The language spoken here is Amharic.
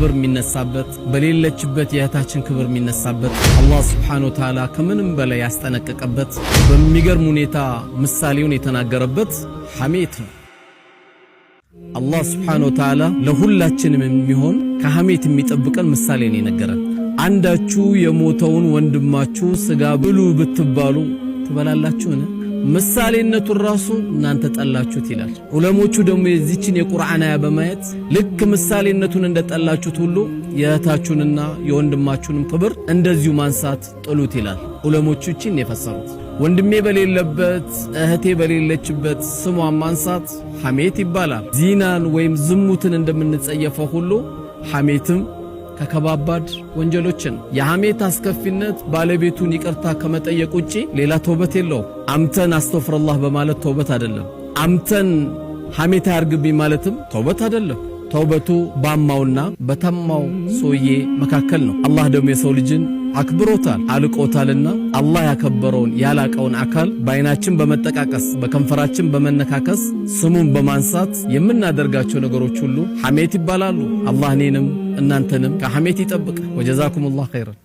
ክብር የሚነሳበት በሌለችበት የእህታችን ክብር የሚነሳበት አላህ ስብሓነሁ ወተዓላ ከምንም በላይ ያስጠነቀቀበት በሚገርም ሁኔታ ምሳሌውን የተናገረበት ሐሜት ነው። አላህ ስብሓነሁ ወተዓላ ለሁላችንም የሚሆን ከሐሜት የሚጠብቀን ምሳሌ ነው የነገረን። አንዳችሁ የሞተውን ወንድማችሁ ስጋ ብሉ ብትባሉ ትበላላችሁን? ምሳሌነቱን ራሱ እናንተ ጠላችሁት ይላል። ዑለሞቹ ደግሞ የዚችን የቁርአን አያ በማየት ልክ ምሳሌነቱን እንደጠላችሁት ሁሉ የእህታችሁንና የወንድማችሁንም ክብር እንደዚሁ ማንሳት ጥሉት ይላል። ዑለሞቹ እቺን የፈሰሩት ወንድሜ በሌለበት እህቴ በሌለችበት ስሟን ማንሳት ሐሜት ይባላል። ዚናን ወይም ዝሙትን እንደምንጸየፈው ሁሉ ሐሜትም ከከባባድ ወንጀሎችን የሐሜት አስከፊነት ባለቤቱን ይቅርታ ከመጠየቅ ውጪ ሌላ ተውበት የለውም። አምተን አስተፍረላህ በማለት ተውበት አይደለም። አምተን ሐሜት አያርግብኝ ማለትም ተውበት አይደለም። ተውበቱ ባማውና በተማው ሰውዬ መካከል ነው። አላህ ደግሞ የሰው ልጅን አክብሮታል፣ አልቆታልና አላህ ያከበረውን ያላቀውን አካል በአይናችን በመጠቃቀስ በከንፈራችን በመነካከስ ስሙን በማንሳት የምናደርጋቸው ነገሮች ሁሉ ሐሜት ይባላሉ። አላህ እኔንም እናንተንም ከሐሜት ይጠብቅ። ወጀዛኩም ላሁ ኸይረን